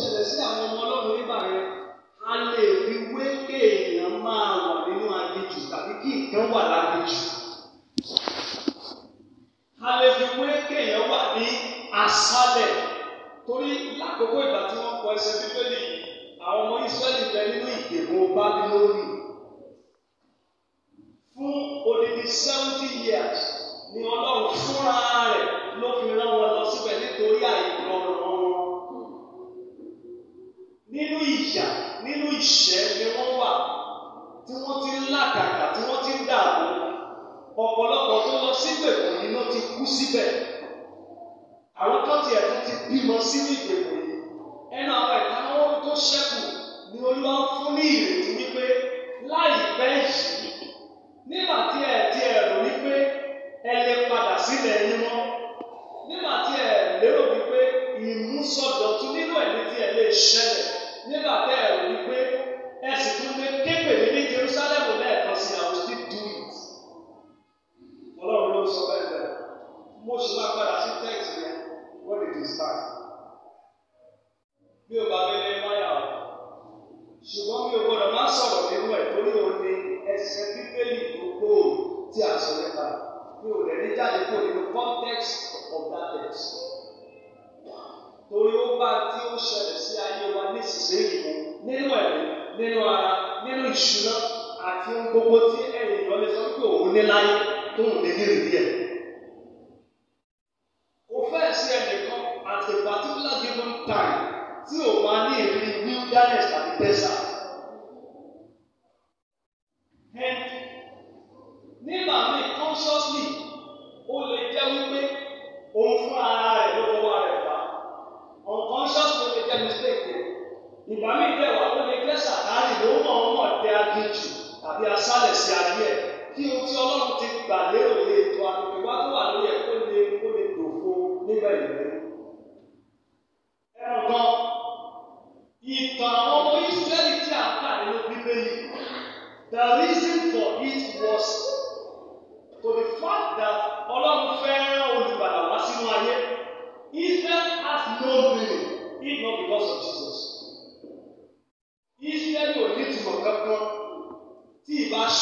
ṣẹlẹ̀ sí àwọn ọmọ ọlọ́run nígbà yẹn a lè fi wé kéèyàn máa wà nínú aginjù tàbí kí ìkan wà láginjù. a lè fi wé kéèyàn wà ní aṣálẹ̀ torí lákòókò ìgbà tí wọ́n kọ ẹsẹ̀ bíbélì àwọn ọmọ Ísírẹ́lì bẹ nínú ìgbèkùn Bábílónì fún odidi seventy years ni ọlọ́run fúnra rẹ̀ ló fi rán wọn. nínú ìyà nínú ìṣẹ́ ni wọ́n wà tí wọ́n ti ń làkàkà tí wọ́n ti ń dààmú ọ̀pọ̀lọpọ̀ tó lọ síbẹ̀ kò ní ló ti kú síbẹ̀ àwọn tó ti ẹ̀tọ́ ti bímọ sínú ìgbèkùn yìí ẹnu àwọn ẹ̀ka wọn tó ṣẹ́kù ni olúwa fún ní ìrètí wípé láìpẹ́ yìí nígbà tí ẹ̀ ti ẹ̀ rò wípé ẹ lè padà sílẹ̀ yín mọ́ nígbà tí ẹ̀ lérò wípé ìmúsọdọ̀tun nínú ẹ̀mí tí ẹ lè ṣẹlẹ̀ nígbà tẹ́ ẹ rò wípé ẹ sì tún lé képe mi ní Jerusalem lẹ́ẹ̀kan sí àwọn still do it ọlọ́run ló ń sọ bẹ́ẹ̀ bẹ́ẹ̀ mo sì máa padà sí text yẹn what did you start bí o bá bẹ́ẹ̀ báyà o ṣùgbọ́n mi ò gbọ́dọ̀ má sọ̀rọ̀ nínú ẹ̀ torí o ní ẹsẹ̀ bíbélì gbogbo tí a sọ nípa mi ò lẹ́ni jáde kúrò nínú context of that text torí ó bá tí ó ṣẹlẹ̀ sí ayé wa nísinsìnyí mu nínú ẹ̀mí nínú ara nínú ìṣúná àti gbogbo tí ẹ̀yìn ìyọlẹ̀ sọ pé òun ní láyé tó ń lè ní ìrírí ẹ̀. kò fẹ́ sí ẹnìkan at a particular given time tí òun á ní ìrírí wilderness àti desert.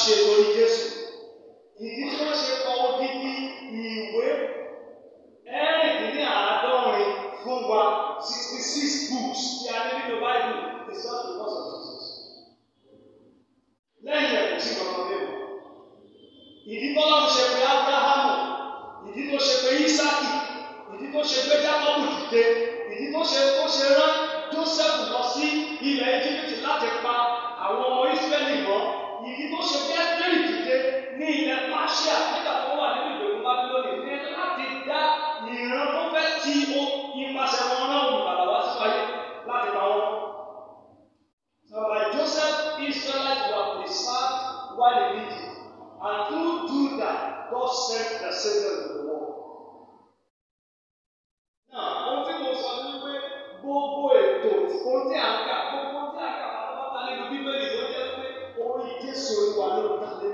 ṣe you. Jésù Olúwa ló dá lé.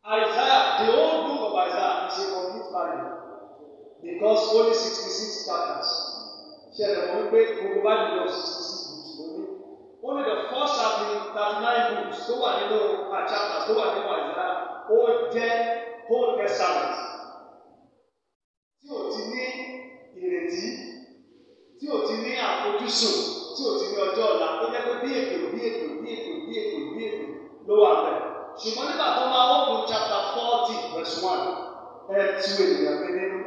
Isaiah, the whole book of Isaiah is a complete Bible because only sixty-six chapters. Ṣẹlẹ̀ wọ́n pé gbogbo bá dìbò sixty-six books ló Only the first chapter thirty-nine books tó wà nínú chapters tó wà nínú Isaiah ó jẹ́ Old Testament. Tí o ti ní ìrètí, tí o ti ní àfojúsùn, tí o ti ní ọjọ́ ọ̀la, ó jẹ́ pé bí èkó bí èkó bí èkó bí èkó bí èkó ló wà bẹ̀rẹ̀ ṣùgbọ́n nígbà tó máa open chapter forty verse one ẹ tu ènìyàn mi nínú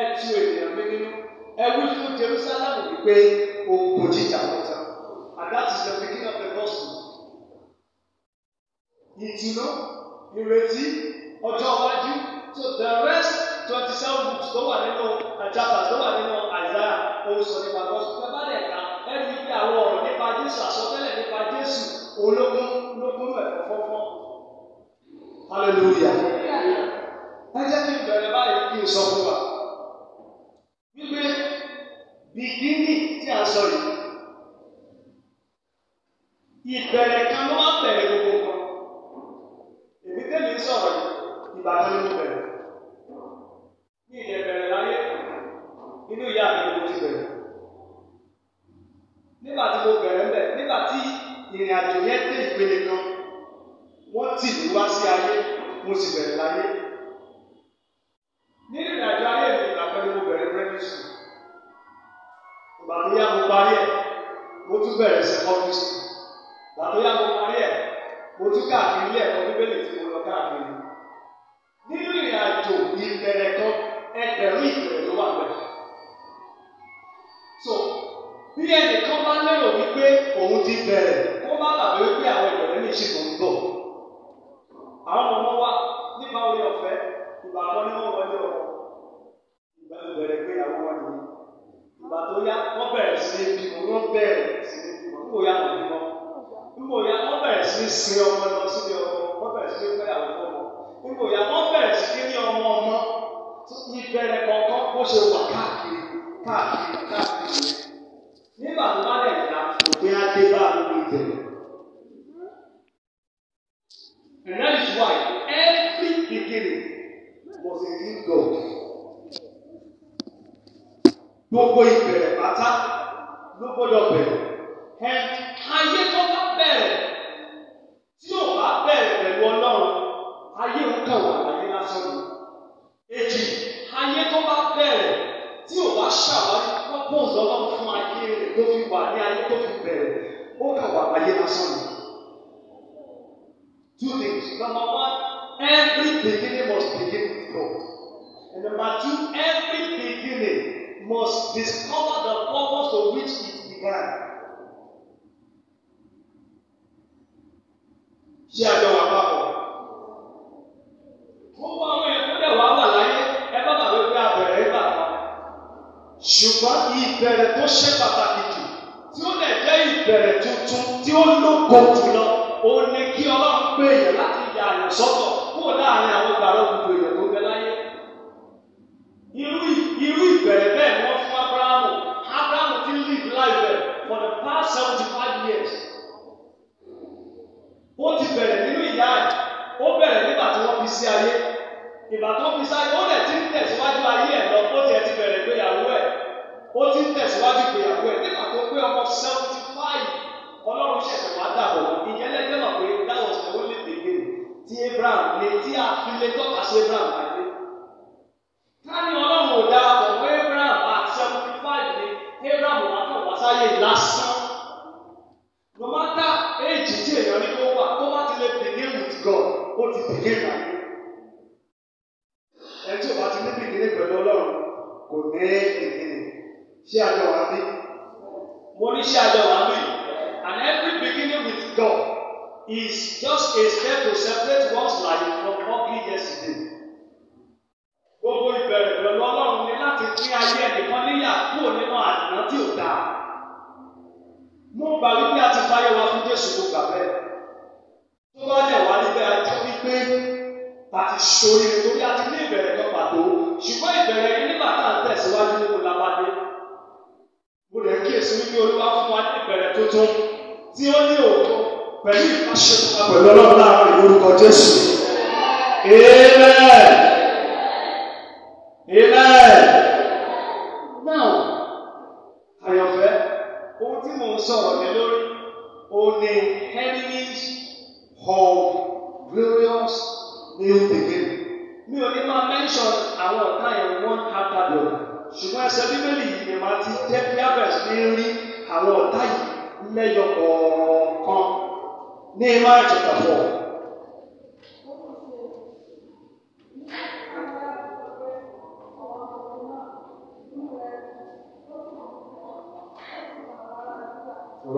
ẹ tu ènìyàn mi nínú ẹ wí fún Jerusalem wípé ogun jíjà mẹ́ta and that is the beginning of the gospel ìtùnú ìrètí ọjọ́ iwájú so the rest twenty seven books tó wà nínú chapters tó wà nínú Isaiah ó sọ nípa gospel ẹ bá lè ka ẹni pé àwọn ọ̀rọ̀ nípa Jésù àsọtẹ́lẹ̀ nípa Jésù ológun ológun ẹ̀fọ́ fọ́fọ́. hallelujah. ẹ jẹ́ kí n bẹ̀rẹ̀ báyìí kí n sọ fún wa. wípé bìkínì tí a sọ yìí ìbẹ̀rẹ̀ kan ló máa bẹ̀rẹ̀ gbogbo kan. èmi tẹ́lẹ̀ sọ̀rọ̀ ìgbà kan ló bẹ̀rẹ̀. ní ilẹ̀ láyé nínú ìyá mi ló ti bẹ̀rẹ̀ nígbà tí mo bẹ̀rẹ̀ ń bẹ̀ nígbà tí ìrìn àjò yẹn dé ìpele kan wọ́n tì mí wá sí ayé mo sì bẹ̀rẹ̀ láyé nínú ìrìn àjò ayé mi ìgbàkan ni mo bẹ̀rẹ̀ primary school ìgbà yá mo parí ẹ̀ mo tún bẹ̀rẹ̀ secondary school ìgbà yá mo parí ẹ̀ mo tún káàkiri. bẹ̀rẹ̀ kó má làwọn ewé àwọn ìbẹ̀rẹ̀ ní ìṣègùn ń bọ̀. àwọn ọmọ wa nípa orí ọ̀fẹ́ ìgbà kan ní wọ́n wọlé ọ̀rọ̀ ìgbà ìbẹ̀rẹ̀ pé àwọn wọn nìyí. ìgbà tó yá wọ́n bẹ̀rẹ̀ sí ní bímọ wọ́n bẹ̀rẹ̀ sí ní bímọ nígbò yá wọn bímọ. nígbò yá wọ́n bẹ̀rẹ̀ sí ní sin ọmọ lọ síbi ọmọ wọ́n bẹ̀rẹ̀ sí ní àwọn ọmọ. nígbò yá wọ́n bẹ̀rẹ̀ sí ní ọmọ ọmọ ìbẹ̀rẹ̀ kọ̀ọ̀kan bó ṣe wà káàkiri káàkiri káàkiri nígbà tó bá d was a real God. Gbogbo ìbẹ̀rẹ̀ pátá ló gbọ́dọ̀ bẹ̀rẹ̀. Ẹn ayé tó bá bẹ̀rẹ̀ tí ò bá bẹ̀rẹ̀ pẹ̀lú Ọlọ́run ayé ń kàn wá láyé lásán ni. Èjì ayé tó bá bẹ̀rẹ̀ tí ò bá ṣàwárí pọ́pọ́ọ̀sì Ọlọ́run fún ayé rẹ̀ tó fi wà ní ayé tó fi bẹ̀rẹ̀ ó kàn wá láyé lásán ni. Two things. Number one, every beginning must begin And number two, every beginning must discover the purpose of which it began. Ṣé àjọ wà papọ̀? Gbogbo àwọn ìpínlẹ̀ wà wà láyé ẹ bá bàbá pé àbẹ̀rẹ̀ ń bà wá. Ṣùgbọ́n ìbẹ̀rẹ̀ tó ṣe pàtàkì jù tí ó lè jẹ́ ìbẹ̀rẹ̀ tuntun tí ó lóko jùlọ, òun ni kí Ọlọ́run gbé èèyàn láti yà àyàn sọ́tọ̀ kúrò láàrin àwọn gbàrọ̀ gbogbo èèyàn tó irú irú ìbẹ̀rẹ̀ bẹ́ẹ̀ ni wọ́n fún abrahamu abrahamu ti live life ẹ̀ for the past seventy five years ó ti bẹ̀rẹ̀ nínú ìyá ẹ̀ ó bẹ̀rẹ̀ nígbà tí wọ́n fi sí ayé ìgbà tó fi sáyé ó lẹ̀ ti ń tẹ̀síwájú ayé ẹ̀ lọ ó tiẹ̀ ti bẹ̀rẹ̀ ìgbéyàwó ẹ̀ ó ti ń tẹ̀síwájú ìgbéyàwó ẹ̀ nígbà tó pé ọmọ seventy five ọlọ́run ṣẹ̀ṣẹ̀ wá dàbọ̀ ìyẹn lẹ́gbẹ́ mọ̀ pé dáwọ̀ ṣàwọ́ lè dègbè tí Abraham lè tí a fi lè Ṣé àjọ wà bí? Mo ní ṣé àjọ wà bí? And every beginning with God is just a step to separate one's life from ugly yesterday. Gbogbo ìbẹ̀rẹ̀ pẹ̀lú Ọlọ́run ni láti pín ayé ẹnìkan níyà kúrò nínú àná tí ò dáa. Mo gbà wípé a ti fáyé wa fún Jésù mo gbà bẹ́ẹ̀. Tó bá dẹ̀ wá níbẹ̀ a jẹ́ wípé a ti ṣorí nítorí a ti ní ìbẹ̀rẹ̀ kan pàtó. Ṣùgbọ́n ìbẹ̀rẹ̀ yẹn nígbà náà tẹ̀síwájú sí wípé olúwa fún wa ní ìbẹ̀rẹ̀ tuntun tí ó ní òkú pẹ̀lú ìbáṣepọ̀ pẹ̀lú ọlọ́run láàrin lórúkọ Jésù. Amen. Amen. Now, àyànfẹ́, ohun tí mò ń sọ̀rọ̀ lé lórí, òun ni enemies of glorious new beginning. Mi ò ní máa mention àwọn ọ̀tá yẹn one after the other ṣùgbọ́n ẹsẹ̀ bíbélì yìí ti jẹ́ kí abẹ́rẹ́ ní rí àwọn ọ̀tá yìí lẹ́yọ kọ̀ọ̀kan ní máa jẹ̀dá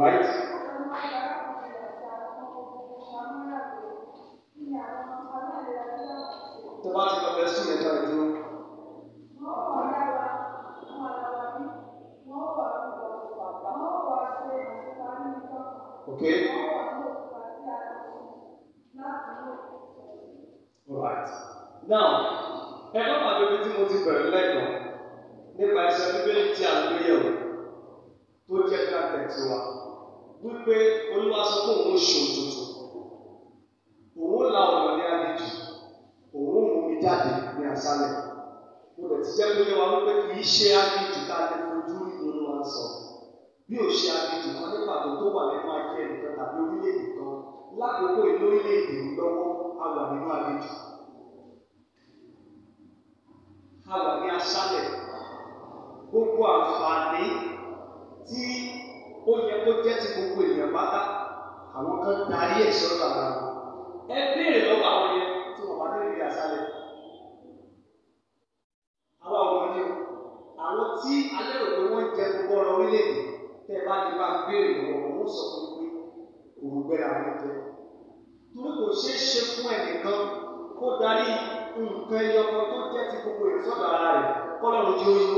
Right? now ẹ má pàdé ibi tí mo ti bẹ̀rẹ̀ lẹ́kọ̀ọ́ nípa ẹsẹ̀ bíbélì tí a gbé yẹ̀wò tó jẹ́ káàkiri wa wípé olúwa sọ pé òun ṣe òtútù òun la ọ̀nà ní àlejò òun mú mi jáde ní àṣálẹ̀ mo lè ti jẹ́ pé wa wípé kì í ṣe àlejò ká lè fojú rí olúwa sọ bí ò ṣe àlejò kan nípa tó tó wà nínú ayé ẹnìkan tàbí orílẹ̀-èdè kan lákòókò ìlú orílẹ̀-èdè lọ́wọ́ a wà nínú àlejò ká wà ní aṣálẹ̀ gbogbo àǹfààní tí ó yẹ kó jẹ́ ti gbogbo èèyàn pátá àwọn kan darí ẹ̀ sọ́dọ̀ ara wọn ẹ béèrè lọ́wọ́ àwọn yẹn tí wọ́n bá lórí ìrìn àṣálẹ̀ àwa ò wọlé o àwọn tí alẹ́ rò pé wọ́n jẹ gbogbo ọ̀rọ̀ orílẹ̀-èdè tẹ́ ẹ bá lè bá béèrè lọ́wọ́ wọn sọ fún mi òun gbẹ́ra wọn jẹ torí kò ṣeé ṣe fún ẹnìkan kó darí nǹkan ẹyọkọ tó jẹ́ ti gbogbo ìsọ̀dọ̀ ara rẹ̀ kọ́lọ́run tí ó yó.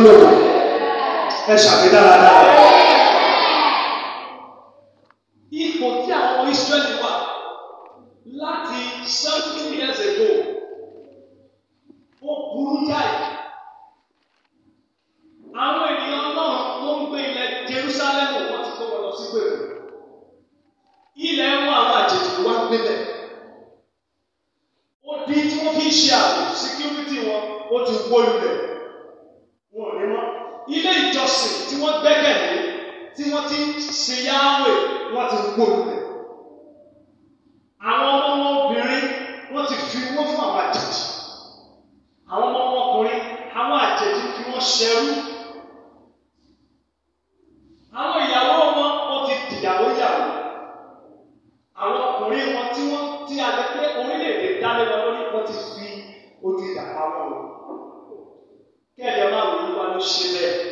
gbólóhùn ẹ ṣàfi dáradára. lọ́wọ́ kí ẹ̀yọ́ máa wò ó wá ló ṣe bẹ́ẹ̀.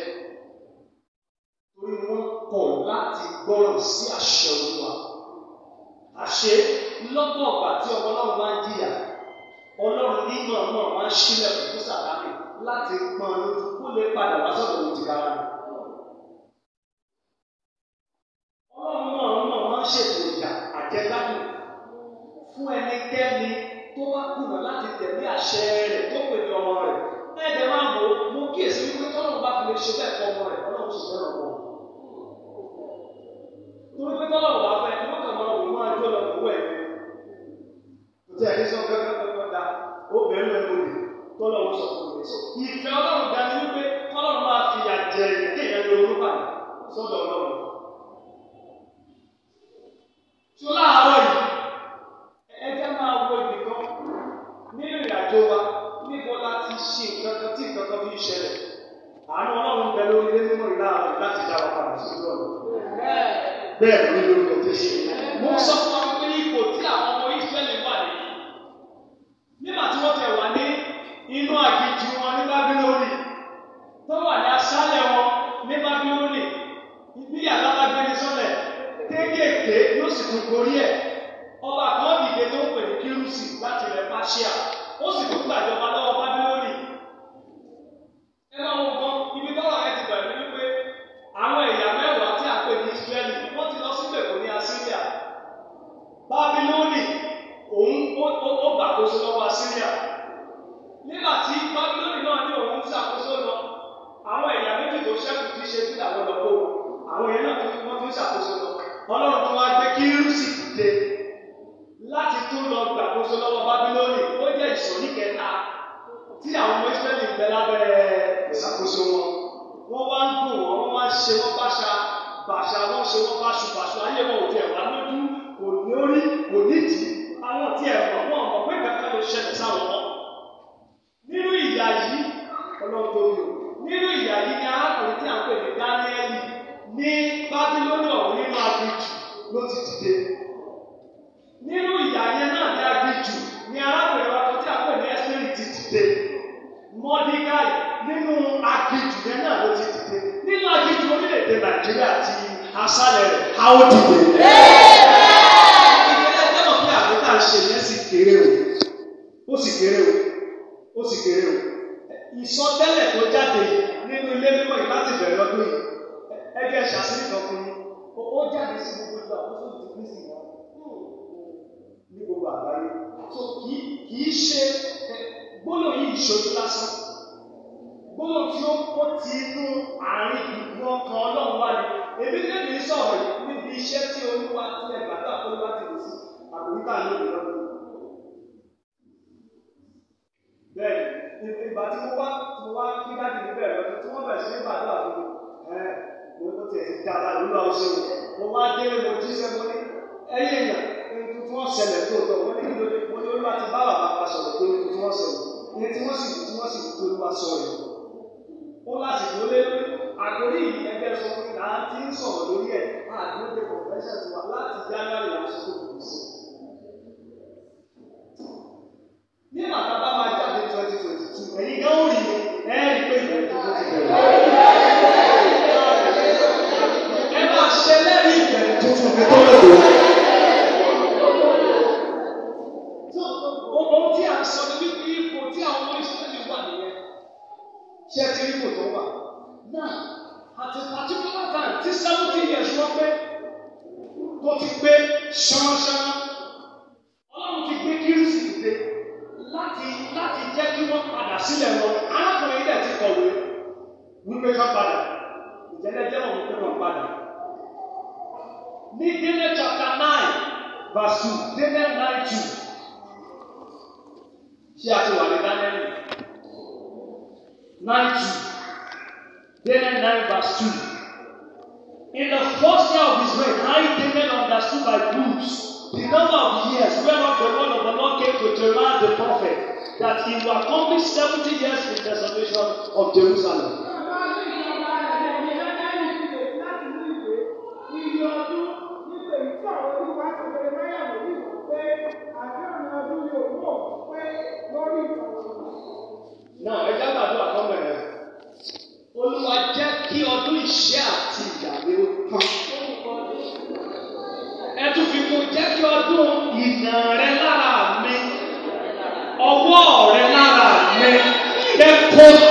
ṣe wò mo wá délé mo jí sẹ́ mo ní ẹ̀yìn èèyàn ohun tuntun ọ̀sẹ̀lẹ̀ tó tọ̀ mo ní kí ló dé mo ní olúwa ti bá bàbá wa sọ̀rọ̀ pé ohun tuntun ọ̀sẹ̀lẹ̀ ohun tí wọ́n sì tí wọ́n sì tó olúwa sọ̀rọ̀ ó láti tó lé àkórí ìgbẹ́jẹ́ sọ fún mi là á ti ń sọ̀rọ̀ lórí ẹ̀ àdúgbò kọ̀fẹ́sẹ̀ tiwa láti jáná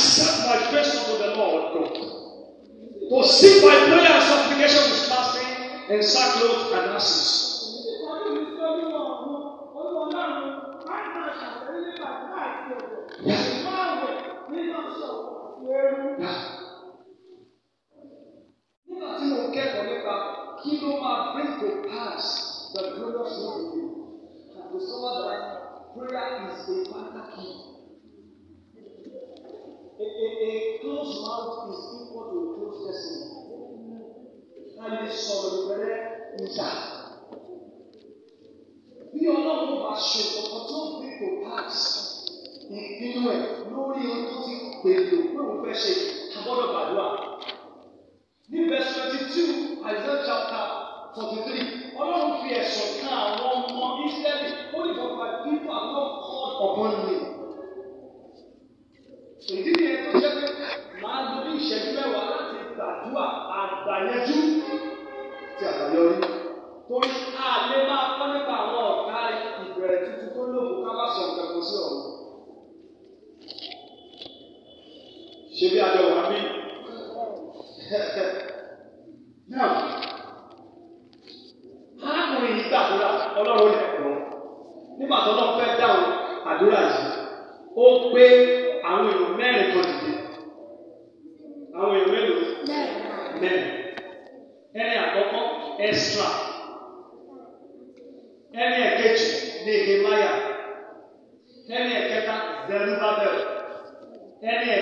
accept my praise unto the Lord God. To seek my prayer and supplication with fasting and sackcloth and ashes. Jerusalem ẹni ẹ̀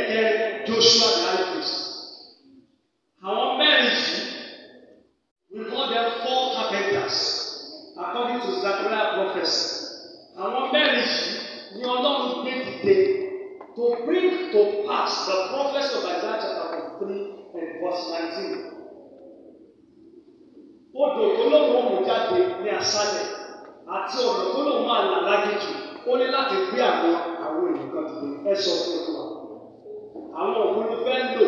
mo fẹ́ lò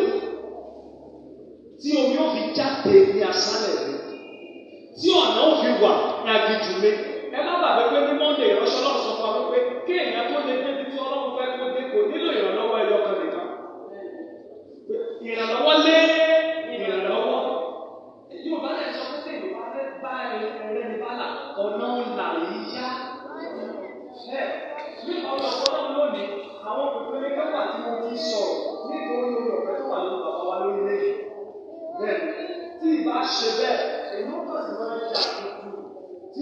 tí omi ò fi jáde ní asálẹ̀ mi tí ọ̀nà ò fi wà ní aginjù mi ẹ má gbàgbé pé ní Monday ìránṣẹ́ náà sọ fún wa pé kéèyàn tó lè dé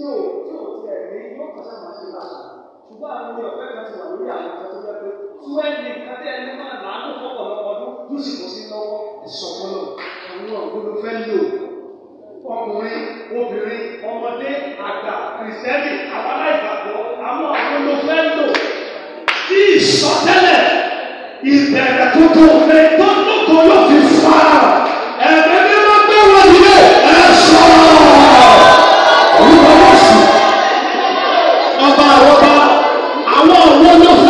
tí ò tí ò tiẹ̀ ní yóò kàn sáà máa ṣe láṣà ṣùgbọ́n àwọn ọmọ ọ̀fẹ́ kan ti wà lórí àwọn ọ̀fẹ́ tó jẹ́ pé tí wọ́n ní nǹkan tẹ́ ẹni máa làánú fọ́pọ̀lọpọ̀ ọdún tó sì kò sí lọ́wọ́ ìsọ̀kọlọ̀ àwọn ọ̀gbọ́dọ̀ fẹ́ lò ọkùnrin obìnrin ọmọdé àgbà kìrìsìtẹ́nì àwọn aláìgbàgbọ́ àwọn ọ̀gbọ́dọ̀ fẹ́ lò tí ìsọtẹ́lẹ̀ ìbẹ̀rẹ̀ tuntun rẹ̀ tó lóko yóò fi fara. ọba àwọn ọba àwọn òun ló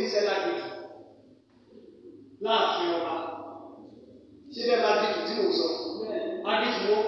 oníṣẹ́ lágbèjì láàfin ọba ṣé bẹ́ẹ̀ bá dìtù tí mò sọ adìtù wo.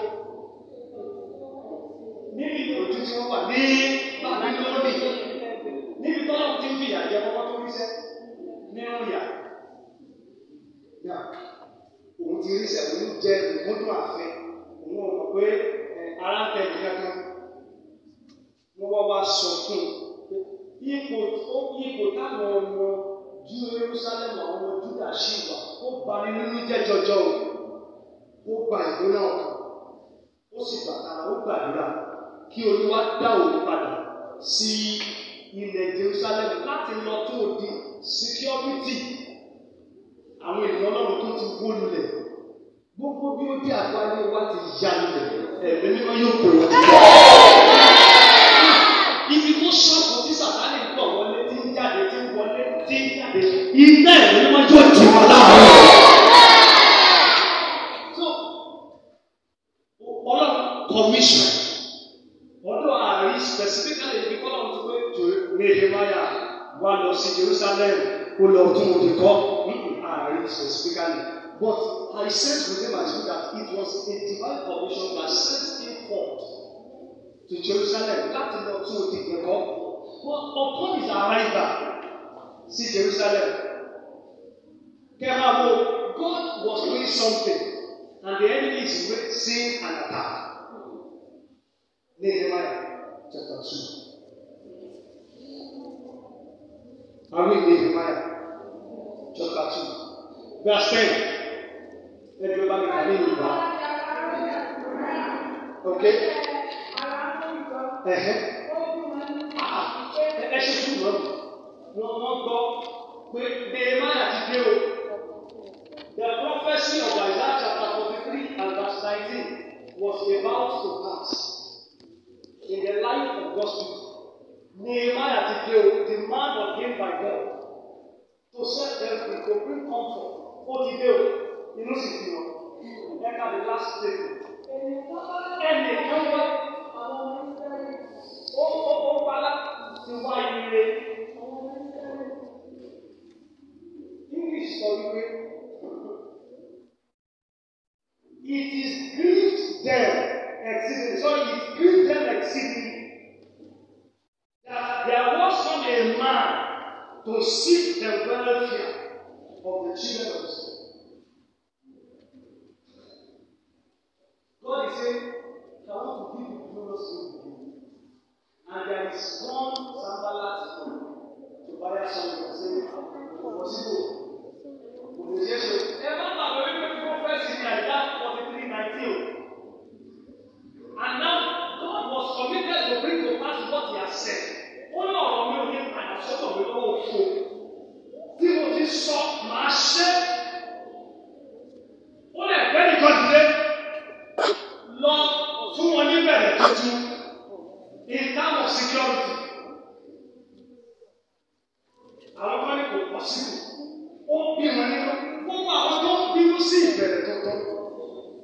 Verse 10. Everybody can read that. Okay? Uh-huh. Ẹ ṣe fún wọn. Wọ́n wọ́n gbọ́ pé Nehemiah ti dé o. The prophecy of Isaiah chapter forty-three and verse nineteen was about to pass in the life of God's Nehemiah ti dé o, the man ordained by God to set them free, to comfort ó ti dé o inú sì ti wọn ẹ̀ka the last statement ẹnì kan wá ó ó ó pálá ti wá ire English sọ wípé it is grieved them exceedingly so it grieved them exceedingly that there was not a man to seek the welfare of the children of God. God is saying, I want to give you glorious food, and there is one Sambalat to buy a song and say, Possible. Ever sílẹ̀ ó bímọ nínú gbogbo àwọn tó ń bínú sí ìbẹ̀rẹ̀ tuntun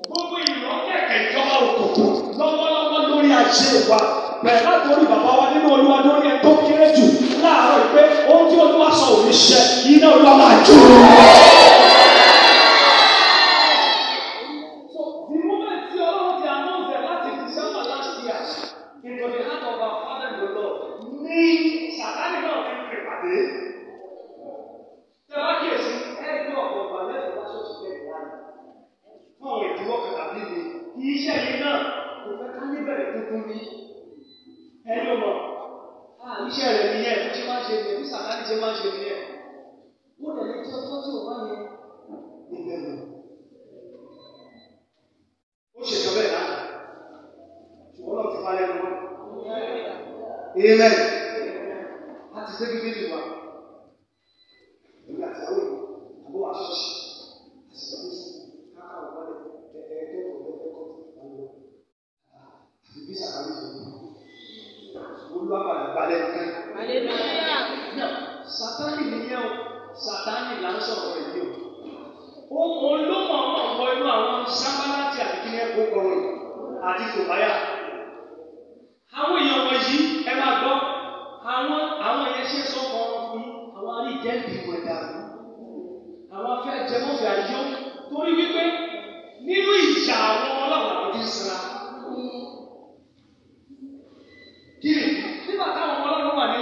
gbogbo ìlú kẹ̀kẹ́ ìjọba òkùnkùn lọ́wọ́lọ́wọ́ lórí àṣẹ wa bẹ̀rẹ̀ láti orí bàbá wa nínú olúwa lórí ẹ̀ tó kéré jù láàárọ̀ pé ohun tí olúwa sọ òun ṣe iná olúwa máa jó o.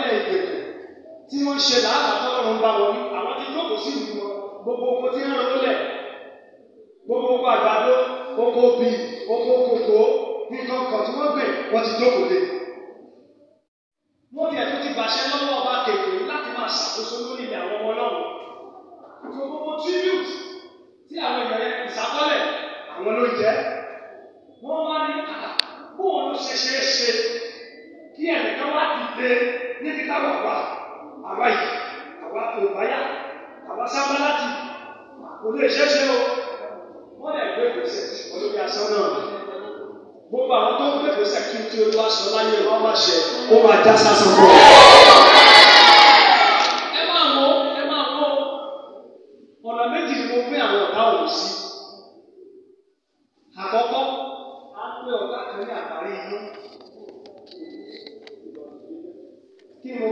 nílẹ̀ ìgbèkùn tí wọ́n ṣe làálàá tọ́lọ́run ń bá wọn ní àwọn tí jókòó sí ìlú wọn gbogbo oko tí ń rán lólẹ̀ gbogbo oko àgbàdo oko obì oko kòkó nǹkan kan tí wọ́n gbìn wọ́n ti jókòó lé. wọ́n tiẹ̀ tó ti gbàṣẹ lọ́wọ́ ọba kèké láti máa ṣàkóso lórí ilẹ̀ àwọn ọmọ ọlọ́run tó gbogbo tribute tí àwọn èèyàn yẹn àwọn ló jẹ́ wọ́n wá ní àbá ah, ló ṣe ṣeé ṣe kí ẹnìkan wá dìde níbi táwọn àwa àwa yìí àwa olùbáyà àwa sábà láti kò lè ṣeéṣe o wọ́n lè gbé gbèsè ṣùgbọ́n lórí náà gbogbo àwọn tó gbé gbèsè kí n tí olúwa sọ láyé wọn má ṣe kó máa já sásán fún ọ.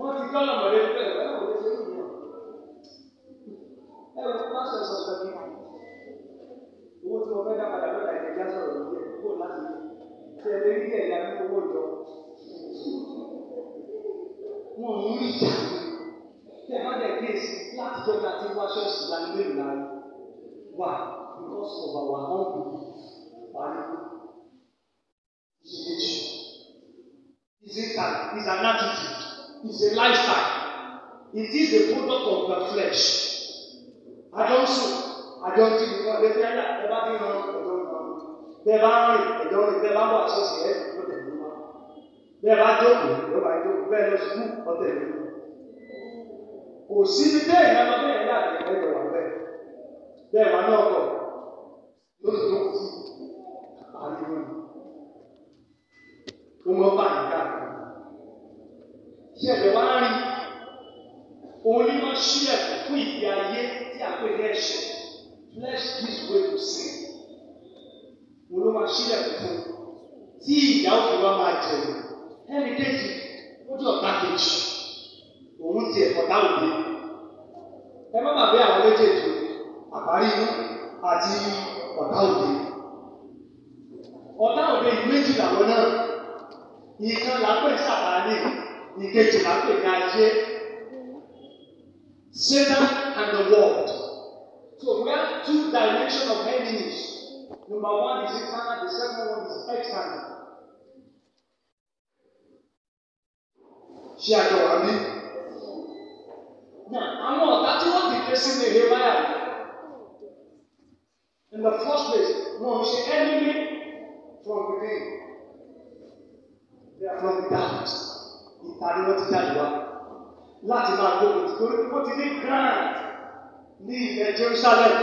wọ́n ti tọ́nà mọ̀lẹ́ pẹ̀ lọ́nà òde ṣe ní ìyẹn. Ẹ lọ má sọ sọ sọ kíkà. Owó tí mo fẹ́ dá padà lọ́dà ìjẹ́jà sọ̀rọ̀ lórí ẹ̀ kúrò láti ṣe ẹgbẹ́ rí ẹ̀yà ní owó ìjọ. Wọ́n mú rí ìjà. Tẹ̀ bá dẹ̀ kéèsì láti jọta tí wá ṣọ́ọ̀ṣì láti lé ìlànà. Why? Because of our humble value. Is it an attitude? is a lifestyle. It is a product of the flesh. I don't see. I don't think because they tell that they don't know. They don't know. They don't know. They don't know what to say. They don't know. They don't know. They don't know. They don't know. Kò síbi bẹ́ẹ̀ ni ọmọ bẹ́ẹ̀ ní àgbẹ̀ ẹ̀jọ̀ wà bẹ́ẹ̀. Bẹ́ẹ̀ wà náà kọ̀ lóṣù tó kù sí àdúgbò. Ó mọ̀ bá nìkan tí ẹ̀jẹ̀ wá rí òun ní wọ́n sílẹ̀ fún ìgbé ayé tí a pè ní ẹ̀ṣẹ̀ flesh this way to sin òun ló máa sílẹ̀ fún tí ìyá òfin wa máa jẹ ẹni kejì ó jẹ́ ọ̀tá kejì òun ti ẹ̀kọ́ táwọn òbí ẹ má bàbá àwọn méjèèjì àbárí àti ọ̀tá òbí ọ̀tá òbí méjì làwọn náà ìkan làpẹ̀ sàtánì ìkejì là ń pè ní Satan and the world so we have two dimensions of enemies number one is internal the second one is external ṣé àjọ wà ní. Now, àwọn ọ̀tá tí wọ́n dìde sí ní ìhè báyà in the first place wọn ò ṣe enemy from within they are from without ìparí wọn ti jáde wá láti máa gbé òkè torí pé wọ́n ti ní grand ní ilẹ̀ Jerusalem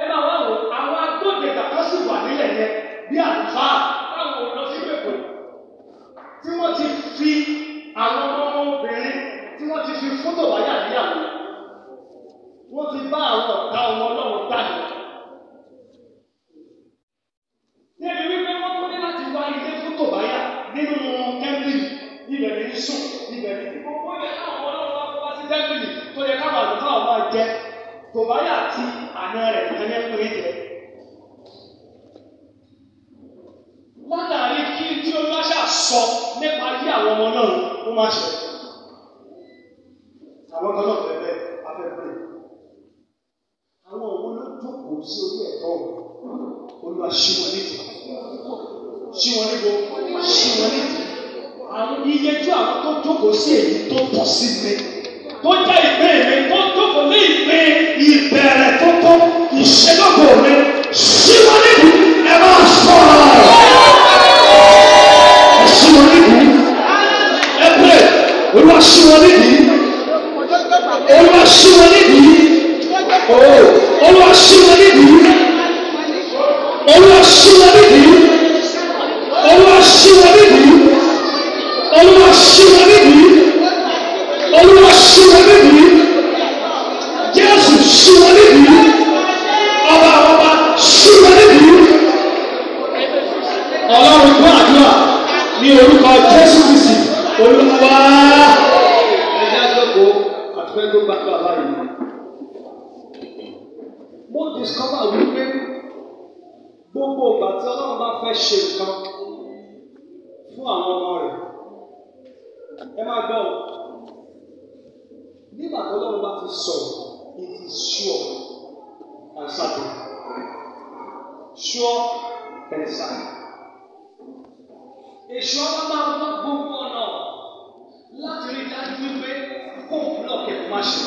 ẹ máa wá wò àwọn agbódegbà tó sì wà nílẹ̀ yẹn bí àlùfáà táwọn lọ sí ìgbèkùn tí wọ́n ti fi àwọn ọmọ obìnrin tí wọ́n ti fi fótó wáyà níyàwó wọ́n ti bá àwọn ọ̀tá ọmọ ọlọ́run gbàgbé. débi wí kò ti àná rẹ̀ tán pé jẹ. wọ́n dàrí kí tí ó bá ṣà sọ nípa ilé àwọn ọmọ náà ó má ṣe. àwọn kan náà bẹ̀rẹ̀ afẹ́fẹ́. àwọn òun ló jókòó sí orí ẹ̀tọ́ olúwa ṣí wọn nídìí. ṣí wọn níbo ṣí wọn nídìí. àwọn iye tí àwọn tó jókòó sí èyí tó pọ̀ sí mi tó jẹ́ ìpín mi tó t kò ní ìpín ìbẹ̀rẹ̀ tuntun ìṣẹ́lógo mi síwọ́ níbi ẹ máa sọ̀rọ̀ síwọ́ níbi ẹ pẹ́ olúwa síwọ́ níbi olúwa síwọ́ níbi oh, olúwa síwọ́ níbi olúwa síwọ́. mo discover wípé gbogbo ìgbà tí ọlọ́run bá fẹ́ ṣe nǹkan fún àwọn ọmọ rẹ̀ ẹ máa gbọ́ nígbà tí ọlọ́run bá ti sọ̀rọ̀ it is sure and certain sure and certain èso ọba máa ń gbọ́ gbogbo ọ̀nà láti rí dájú pé kóòpù náà kẹ̀ máa ṣe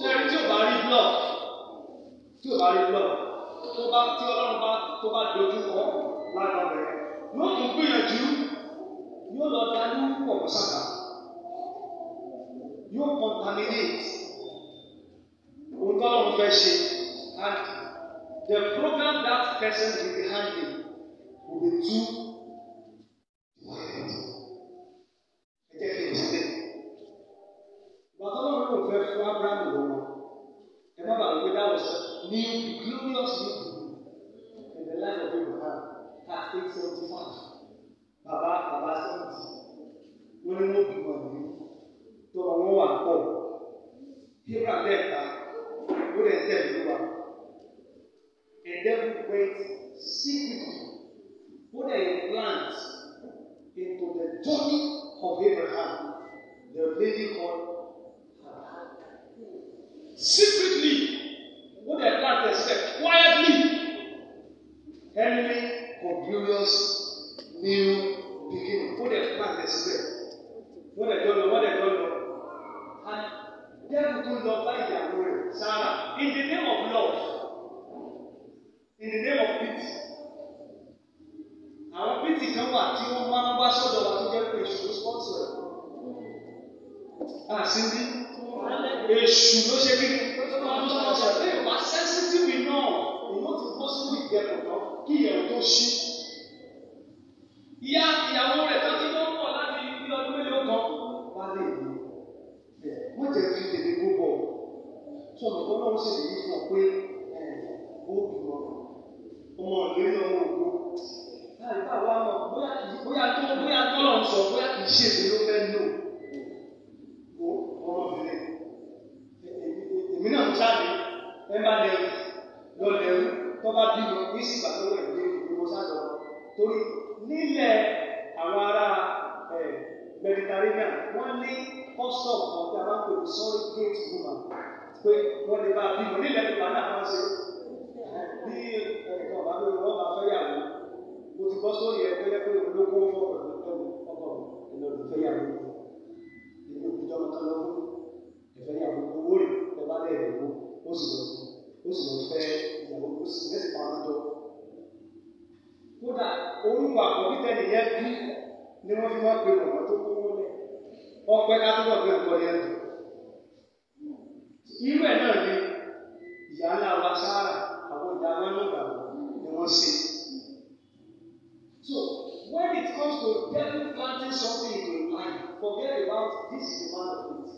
ṣé ẹni tí ò bá rí blood tí ò bá rí blood tó bá tí ọlọ́run bá tó bá dojú kọ lára rẹ̀ yóò tún gbìyànjú yóò lọ da ní pọ̀pọ̀ the program that person will be handling will be too. fẹ́ fún Abraham wọ̀ wọ́n ẹ má bàa wípé that was new glorious new in the land of Abraham at eight seventy Baba, Baba, bàbá when wọ́n ní wọ́n bí wọn ní tó àwọn wà pọ̀ Abraham lẹ́ẹ̀ka ó lè tẹ̀ lé wa and then we went secretly ó lè plant into the journey of Abraham the lady called secretly who dey to except quietly enemy glorious new beginning who dey to except who dey don know who dey don know and dem do love by their way sarah in the name of love in the name of peace. àwọn pity kan wà tí wọn máa ń bá sọ́dọ̀ wa tó jẹ pé ìṣòro sponsor ẹ. Ah àṣírí èṣù ló ṣe kí ni ọ̀sẹ̀ lè wá sẹ́sítìmì náà èyí ti kó sínú ìgbẹ́kùn náà kí ìyẹn tó ṣí. ìyá ìyàwó rẹ̀ tó ti lọ́wọ́ pọ̀ láti ibi ọdún mélòó kan wá lè ní wọ́n jẹ́ fi tètè gbogbo tó ọ̀nà tó lọ́wọ́ sì lè fún ọ pé ó dùn ọ́ ọmọ ìlérí ọmọ ògbó láì bá wa mọ̀ bóyá tó bóyá tó lọ́wọ́ sọ bóyá kì í ṣètò ló fẹ́ lò. jáde ẹ má lè lọ lè rú tó bá bí lọ ní ìsìgbà tó rẹ̀ ní ìlú sájọ torí nílẹ̀ àwọn ará Mediterranean wọ́n ní kọ́sọ̀ kan tí a máa ń pè ní sorry gate woman pé wọ́n lè bá bí lọ nílẹ̀ Yorùbá náà wọ́n ṣe bí ẹ̀kọ́ bá lórí wọ́n bá fẹ́ yàwó mo ti bọ́ sórí ẹ̀ pé pé olóko ń fọ̀rọ̀ lọ́wọ́ ọkọ̀ ìlọ́dún fẹ́ yàwó ìlú ìjọba kan lọ́wọ́ ìfẹ́ yàwó owó rẹ̀ bá lè rìn ó sì lọ ó sì lọ fẹ́ ìyàwó ó sì mẹ́sì pa ọmọdé. kódà orúkọ àkọ́bí tẹ́lẹ̀ bí ni wọ́n fi máa pe mọ̀mọ́ tó kú wọn lẹ̀ ọpẹ́ kátólọ̀ bí ọ̀gbọ́n yẹn lò. irú ẹ̀ náà ni ìyá ńlá wa sára àwọn ìyá wọn ló gbà ni wọ́n ṣe. So when it comes to devil planting something in your mind, forget about this is of it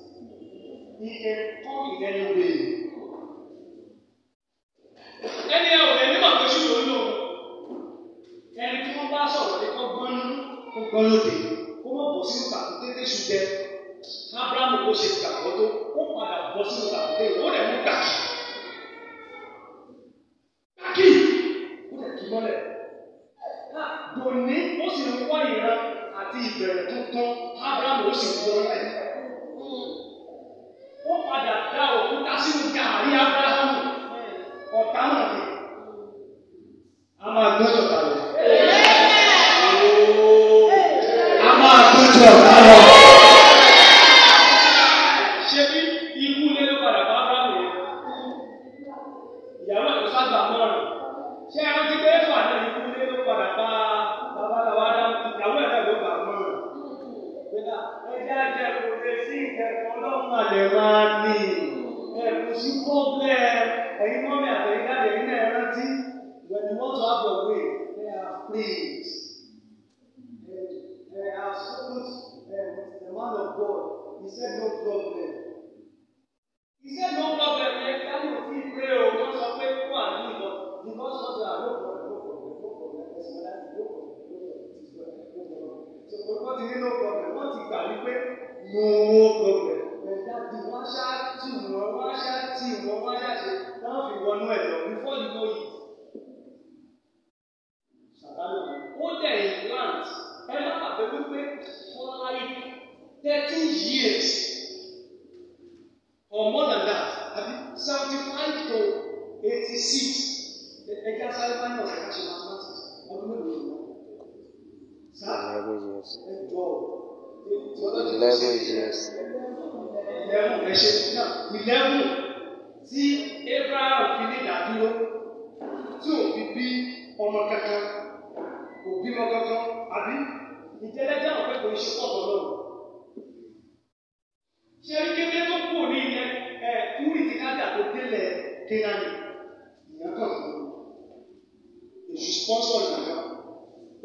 in a good in any way. ẹni ẹ ò o ẹni tí wọ́n bá sọ̀rọ̀ ní kó gbọ́n ní kó gbọ́n lóde kó má bọ̀ sí ìgbà tó tètè ṣùgbẹ́ abrahamu kò ṣe gbàgbọ́ tó ó padà bọ́ sí ìgbà tó tètè ó rẹ̀ mú gàkì gàkì ó rẹ̀ kí mọ́lẹ̀ dòní ó sì ń wá ìran àti ìbẹ̀rẹ̀ tuntun ó padà dá òkúta sínú gàárì abrahamu ọ̀tá náà ni a máa gbọ́dọ̀ tà lọ. a máa gbọ́dọ̀ tà lọ. ẹ̀kú sí kọ́ńtẹ́ ẹ̀yin mọ́mí àtẹ̀yìn dáadé ẹ̀yin náà rántí when you want to have your way they are pleased they are servants the man of God he said no problem he said no problem yẹ káyọ̀ fi pé o wọ́n sọ pé kó àní lọ because of their no problem no problem no problem ẹ̀sìn wọn láti no problem no problem ti sọ ẹ̀ no problem so wọ́n ti ní no problem wọ́n ti gbà wípé no problem wọ́n ṣá tì wọ́n wọ́n ṣá tì wọ́n wọ́n ṣá ṣe táwọn fi wọnú ẹ̀ lọ ní fọ́ọ̀dù yìí. Ṣàtàlù ó dẹ̀ implant ẹ má bàbá wípé for like thirteen years or more than that àbí seventy five to eighty six ẹja sáré bá yàn ọ̀sẹ̀ káṣí mathematics ọdún mélòó ló wọ́n. Sáà eleven years eleven ẹ ṣe náà eleven tí Abraham fi ní ìdádúró tí ò fi bí ọmọ kankan kò bímọ kankan àbí ìjẹ́lẹ́jẹ́ àwọn akẹ́kọ̀ọ́ iṣẹ́ pọ̀ lọ́wọ́. ṣé kékeré tó kù ní ilẹ̀ ẹ̀ kúrì tí kájà tó délẹ̀ kéraní ìyá kan fún un èṣù spọ́nsọ̀ ìyàgá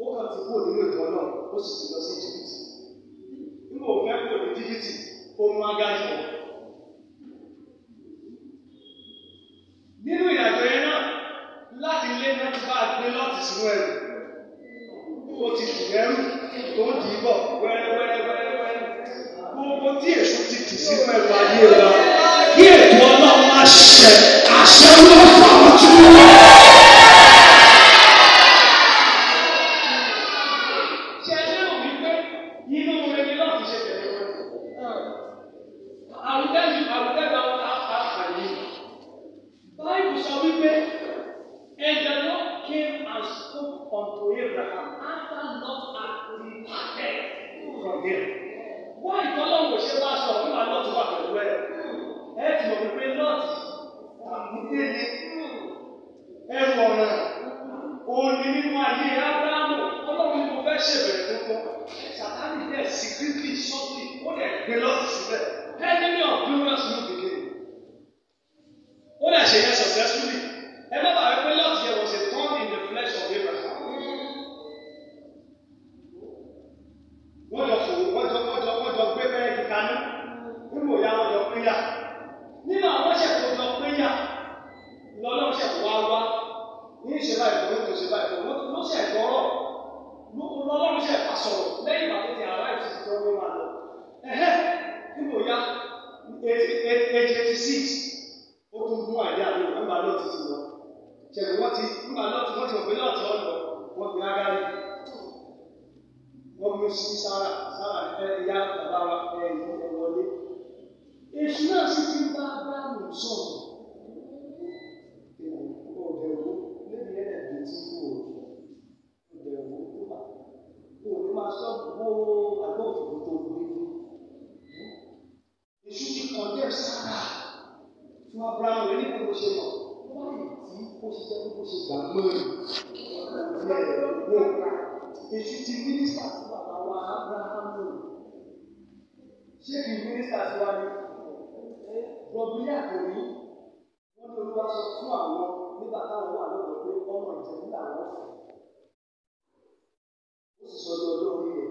ó kàn ti kú nínú ìtọ́ náà ó sì ti lọ sí jìbìtì nígbà òun fẹ́ kú ní jìbìtì pomaga fún ọ. nínú ìrìnàjò yẹn náà láti ilé náà ti bá a gbé lọ́ọ̀tì sínú ẹ̀rù ó ti dì ẹ̀rù tó ń dì í bọ̀ wẹ́rẹ́wẹ́rẹ́wẹ́rẹ́ gbogbo tí èso ti dì sínú ẹ̀rù ayé wa kí ètò ọlọ́run máa ṣẹ àṣẹ wọn fún àwọn tí wọ́n òun ayé rẹ̀ yẹ sára fún Abraham rẹ ní kókó ṣe mọ wọn lè tí ó ṣe jẹ kókó ṣe gbà mọ ẹ wò èsì ti mínísítà sí bàbá wa Abraham lò ṣé kì í mínísítà sí wa ni rọbìlì àkòrí wọn ní olúwa sọ fún àwọn nígbà táwọn wà lọ́dọ̀ pé ọmọ ìjẹ̀bú làwọn fẹ́ ó sì sọ ní ọjọ́ orí rẹ̀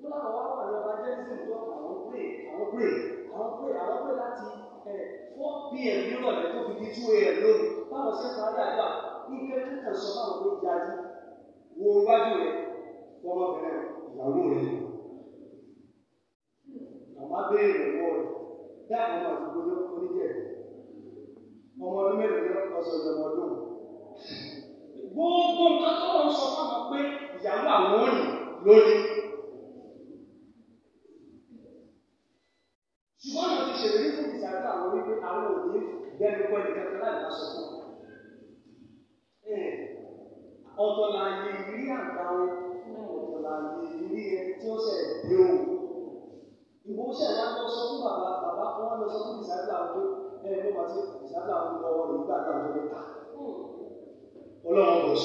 wọ́n láwọn wá wà ní ọba jẹ́rìsì tó àwọn pray àwọn pray àwọn pé àwọn pé láti four pm nírọ̀lẹ́ tó fi di two am lónìí báwọn ṣe ń parí àdúrà ní kẹ́kẹ́ kan sọ báwọn pé jáde wo iwájú rẹ fọmọbìnrin ìyàwó rẹ àwọn abéèrè wọ rẹ bí àwọn àdúgbò ló kọ́ níjẹ̀ ọmọ ọdún mélòó ló kọ́ sọ ọdún gbogbo nǹkan tó ń sọ fáwọn pé ìyàwó àwọn ò lónìí. ṣùgbọ́n àwọn ti ṣèlérí fún ìsàlẹ̀ àwọn wípé àwọn òní bẹ́ẹ̀ kọ́ ẹ̀ka kan láì bá sọ fún wọn. ọ̀tọ̀ là ń yẹ ìrírí àgbà ọ̀tọ̀ là ń yẹ ìrírí ẹ tí ó ṣẹ̀ dé o. ìwọ ṣẹ̀dá lọ sọ fún bàbá bàbá kan wọn lọ sọ fún ìsàlẹ̀ àwọn ẹ̀ ló wá sí ìsàlẹ̀ àwọn lọ́wọ́ rẹ̀ nígbà tó àwọn ọlọ́run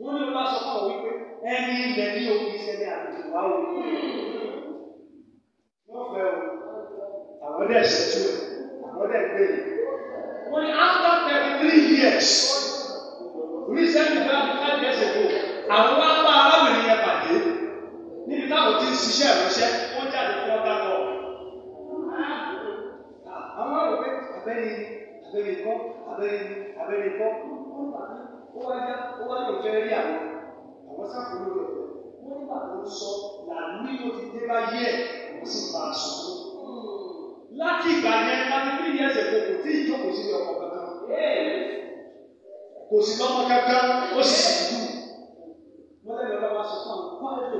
wọ́n ní ọba sọ fún àwọn wípé ẹni ilẹ̀ ní òkè ìṣẹ̀lẹ̀ àtẹ̀tẹ̀ wá o. wọ́n fẹ́ o àwọn dẹ̀ ṣẹ́jú àwọn dẹ̀ gbé e. wọ́n ní after thirty three years recently thirty five years ago àwọn wá bá arábìnrin yẹn pàdé níbi táwọn ti ń ṣiṣẹ́ ìránṣẹ́ wọ́n jáde fún ọ̀gá lọ. àwọn àròpé abẹ́rẹ́ abẹ́rẹ́ kọ́ abẹ́rẹ́ abẹ́rẹ́ kọ́ ó wá já ó wá lè fẹ́ rí àwọn àwọn sáfòló rẹ̀ wọ́n nígbà tó ń sọ làánú yóò ti dé bá yẹ ó sì bá a sọ. Hmm. láti ìgbà yẹn láti bí ìyẹn ṣe kò kò tí ì jókòó sí ọkọ̀ kankan kò sí lọ́mọ kankan ó sì sì kú. wọ́n lẹ́nu ọba wa sọ fún àwọn kwáyọ̀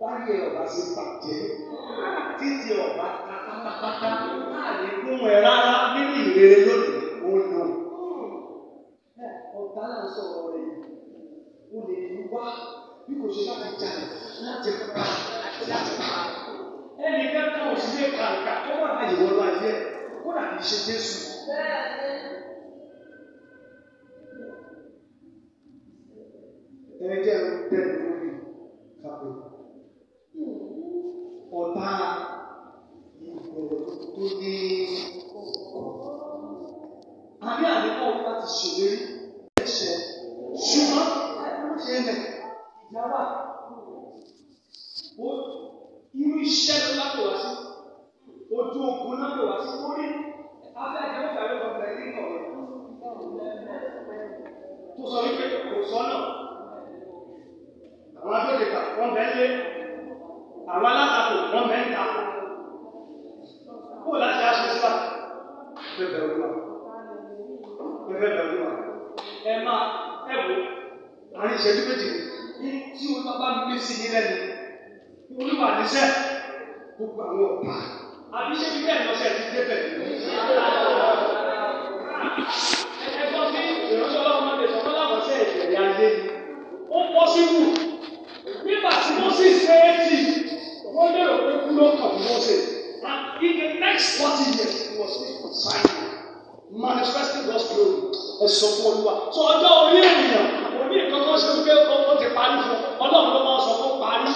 báyẹ̀ ọba ṣe bàjẹ́ hmm. títí ọba pátápátá láàrin gbóhùn ẹ̀ rárá nínú ìrere lónìí ọ̀tá náà sọ̀rọ̀ rẹ̀ o lè ní wá bí kò ṣe láti jà láti pa láti pa. ẹnì kan náà ò sí lè kàǹkà tó wà láyé wọlé ayé kó nà kì í ṣe Jésù. ẹjẹ ń tẹnu lórí kàpẹ ọ̀tá ìgbọ̀rọ̀ tó ní ọkọ̀ àbí àdéhùn láti ṣèlérí ṣe ṣùgbọ́n ṣe é lẹ̀ ìjà wà ó irú iṣẹ́ ló lápò wá sí ojú ogun náà lò wá sí orí afẹ́jẹ́ ó fẹ́ẹ́ lọ bẹ̀rẹ̀ nínú ọ̀rẹ́ tó sọ wípé kò sọ́nà àwọn abẹ́lẹ̀ta wọ́n bẹ́ẹ̀ lé àwọn alátakò wọ́n bẹ́ẹ̀ ta kó láti aṣọ sípà bẹ́ẹ̀ bẹ̀rù wà bẹ́ẹ̀ bẹ̀rù wà ẹ máa ẹ láàrin ìṣẹ́jú méjì ní tí olúwa bá mi sí ní lẹ́nu olúwa níṣẹ́ gbogbo àwọn ọ̀pá àbí ṣé bíbẹ́ ìlọsẹ̀ ti débẹ̀. ẹgbọ́n bí the next forty years he was reconciling manifesting God's glory ẹ̀sọ́ fún olúwa so ọjọ́ orí ènìyàn òní ìkankan ṣe wípé ó ti parí fún ọlọ́run ló máa sọ fún parí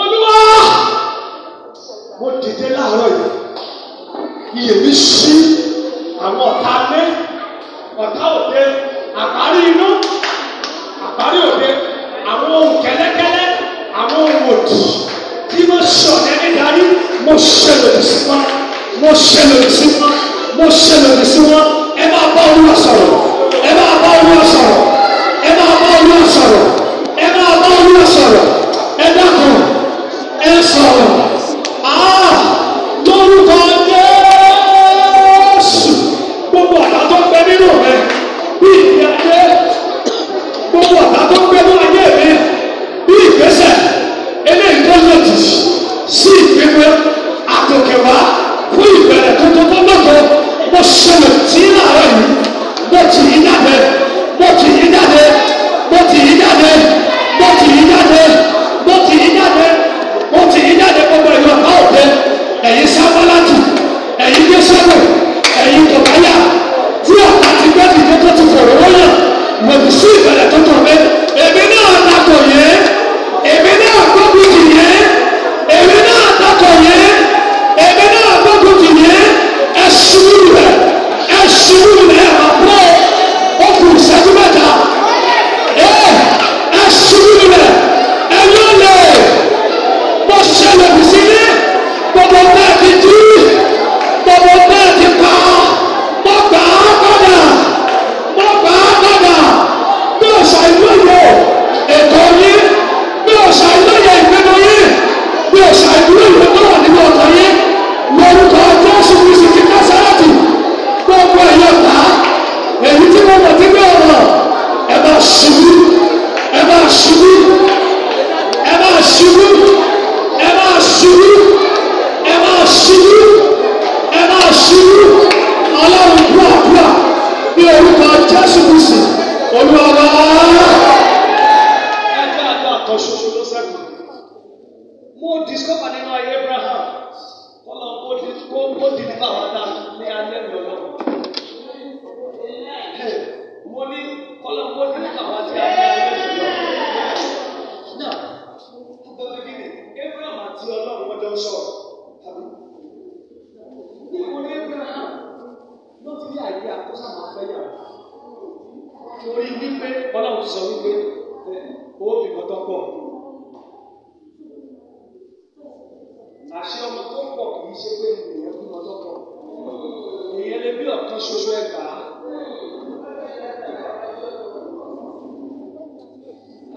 olúwa mo dìde láàárọ̀ yìí iyè mi ṣí àwọn ọ̀tá lé ọ̀tá òde àparí inú àparí òde àwọn ohun kẹlẹkẹlẹ àwọn ohun òdì tí mo ṣọ̀lẹ́ nídarí mo ṣẹlẹ̀ sí wọn mo ṣẹlẹ̀ sí wọn mo ṣẹlẹ̀ sí wọn ẹ máa bá olúwa sọ̀rọ̀ ẹ máa bá olúwa sọ̀rọ̀ ẹ máa bá olúwa sọ̀rọ̀. bí ọ̀kan ṣoṣo ẹgbà.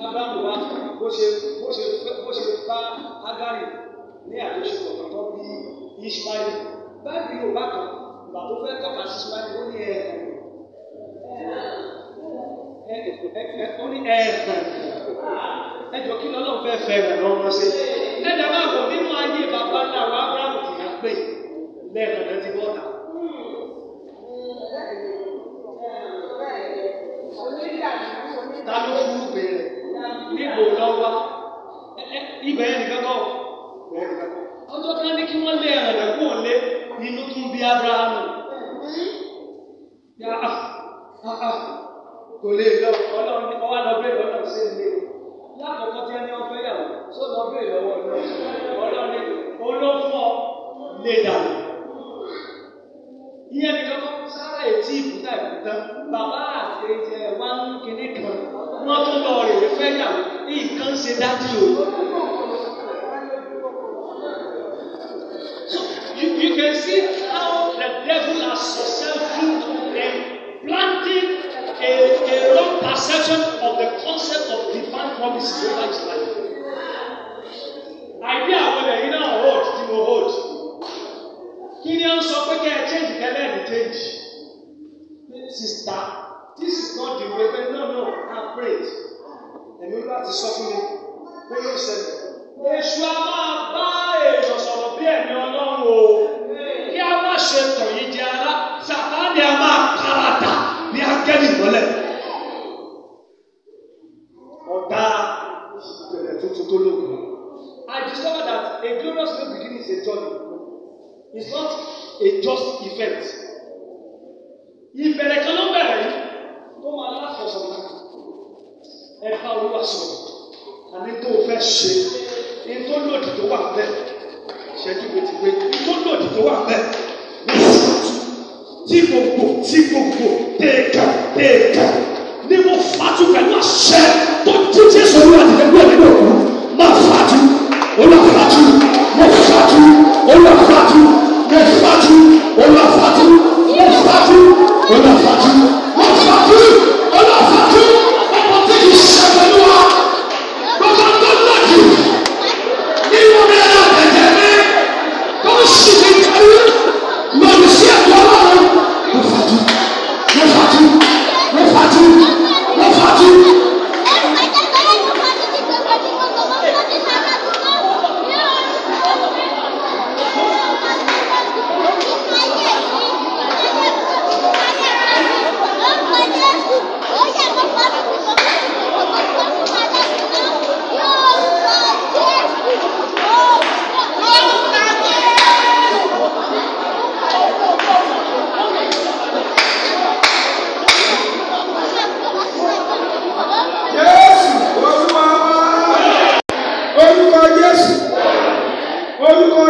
Abrahamu wa bó ṣe bó ṣe bó ṣe bá Agari ní àjọṣepọ̀ kan tó bí Ismail. Báyìí yóò bá kan ìgbà tó fẹ́ tọ́ka sí Ismail ó ní ẹ̀ẹ̀kan. Ó ní ẹ̀ẹ̀kan. Ẹ jọ kí lọ́lọ́ fẹ́ fẹ́ rẹ̀ lọ́wọ́ sí. Ẹ dàbá wọ̀ nínú ayé bàbá náà wà Abrahamu kì í pè lẹ́ẹ̀kan